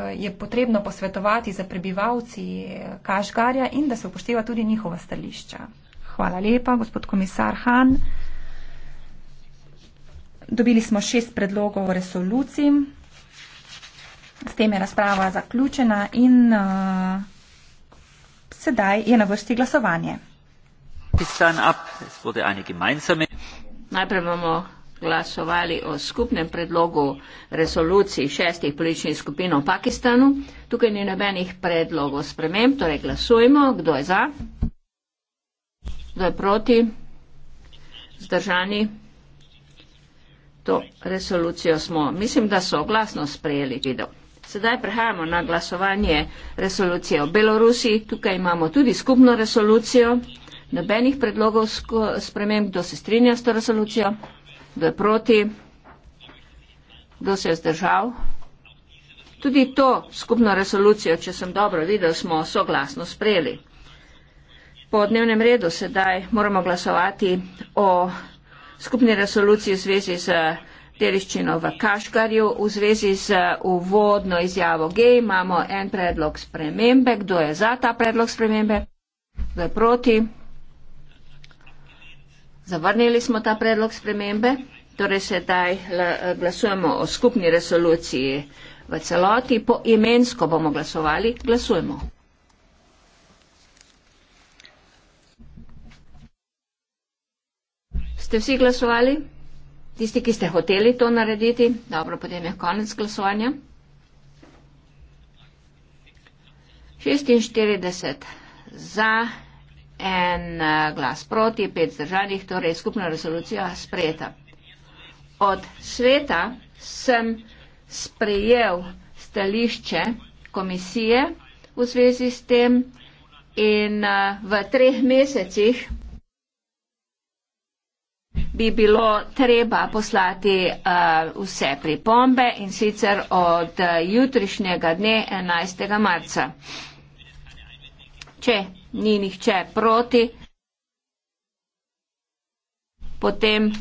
je potrebno posvetovati za prebivalci Kašgarja in da se upošteva tudi njihova stališča. Hvala lepa, gospod komisar Han. Dobili smo šest predlogov resoluciji. S tem je razprava zaključena in uh, sedaj je na vrsti glasovanje. Najprej imamo glasovali o skupnem predlogu resoluciji šestih političnih skupin v Pakistanu. Tukaj ni nobenih predlogov sprememb, torej glasujmo, kdo je za, kdo je proti, zdržani. To resolucijo smo, mislim, da so glasno sprejeli video. Sedaj prehajamo na glasovanje resolucije o Belorusiji. Tukaj imamo tudi skupno resolucijo. Nobenih predlogov sprememb, kdo se strinja s to resolucijo? Kdo je proti? Kdo se je zdržal? Tudi to skupno resolucijo, če sem dobro videl, smo soglasno sprejeli. Po dnevnem redu sedaj moramo glasovati o skupni resoluciji v zvezi z deliščino v Kaškarju, v zvezi z uvodno izjavo gej. Imamo en predlog spremembe. Kdo je za ta predlog spremembe? Kdo je proti? Zavrnili smo ta predlog spremembe, torej sedaj glasujemo o skupni resoluciji v celoti, po imensko bomo glasovali, glasujemo. Ste vsi glasovali? Tisti, ki ste hoteli to narediti? Dobro, potem je konec glasovanja. 46 za, en eh, glas proti, pet zdržanih, torej skupna resolucija sprejeta. Od sveta sem sprejel stališče komisije v zvezi s tem in eh, v treh mesecih bi bilo treba poslati uh, vse pripombe in sicer od jutrišnjega dne 11. marca. Uh, Če ni nihče proti, potem